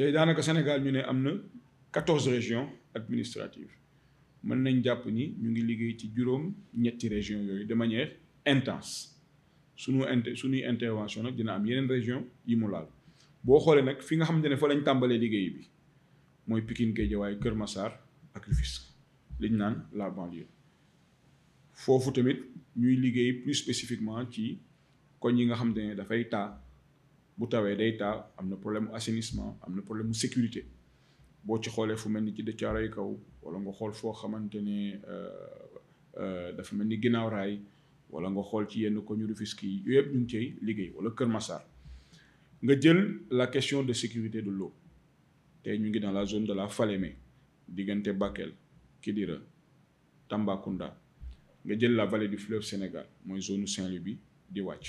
tey daanaka Sénégal ñu ne am na quatorze régions administratives mën nañ jàpp ni ñu ngi liggéey ci juróom ñetti régions yooyu de manière intense suñu inter suñu intervention nag dina am yeneen région yi mu laal boo xoolee nag fi nga xamante ne fa lañ tàmbalee liggéey bi mooy Pikine Guédiawaye Kër Massar ak Rufisque liñ naan la banlieue foofu tamit ñuy liggéey plus spécifiquement ci koñ yi nga xamante ne dafay taa bu tawee day taa am na problème assainissement am na problème sécurité boo ci xoolee fu mel ni ci Thiaroye kaw wala nga xool foo xamante ne euh, euh, dafa mel ni ginnaaw raay wala nga xool ci yenn ko ñu Rufisque yi yooyu yëpp ñu cay liggéey wala Kër Massar nga jël la question de sécurité de l'eau tey ñu ngi dans la zone de la Falémé diggante Bakel Kidira Tambacounda nga jël la vallée du fleuve Sénégal mooy zone Saint-Louis bi di wàcc.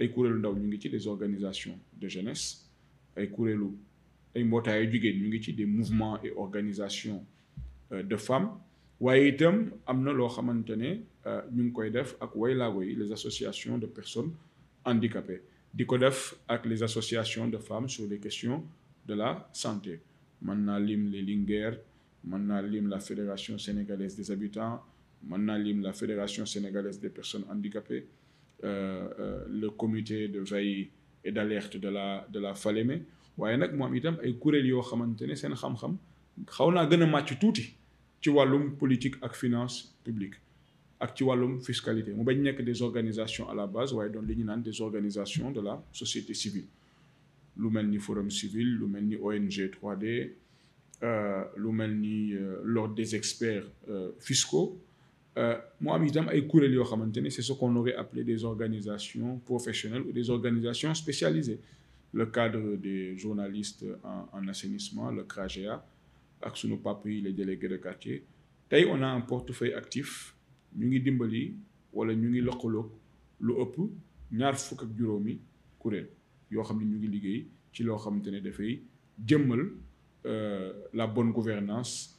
ay avons ndaw ñu ngi des organisations de jeunesse ay kuréelu ay jigéen ñu ngi ci des mouvements et organisations euh, de femmes waaye itam am na euh, ñu ngi koy def ak les associations de personnes handicapées di ko def les associations de femmes sur les questions de la santé Nous avons les Linguères mën naa la fédération sénégalaise des habitants mën naa la fédération sénégalaise des personnes handicapées euh, euh, le comité de veille et d'alerte de la de la Falémé waye nak mu am itam ay kuréel yo xamantene sen xam-xam xawna gëna match touti ci walum politique ak finance publique ak ci walum fiscalité mu bañ nek des organisations à la base waye don li ñu des organisations de la société civile lu melni ni forum civil lu melni ni ONG 3D euh, lu melni ni l'ordre des experts fiscaux euh, c'est ce qu'on aurait appelé des organisations professionnelles ou des organisations spécialisées le cadre des journalistes en, assainissement le CRAGEA les délégués de quartier on a un portefeuille actif ñu ngi dimbali wala ñu euh, la bonne gouvernance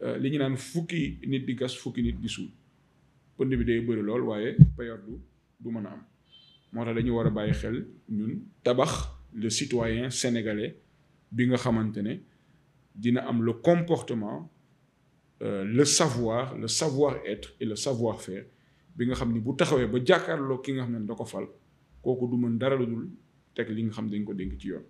Euh, li ñu fukki nit di gas fukki nit di suul bi day bëri lool du du le citoyen sénégalais bi nga dina am le comportement euh, le savoir le savoir-être et le savoir-faire bi nga xam ni bu taxawee ba jàkkaarloo ki nga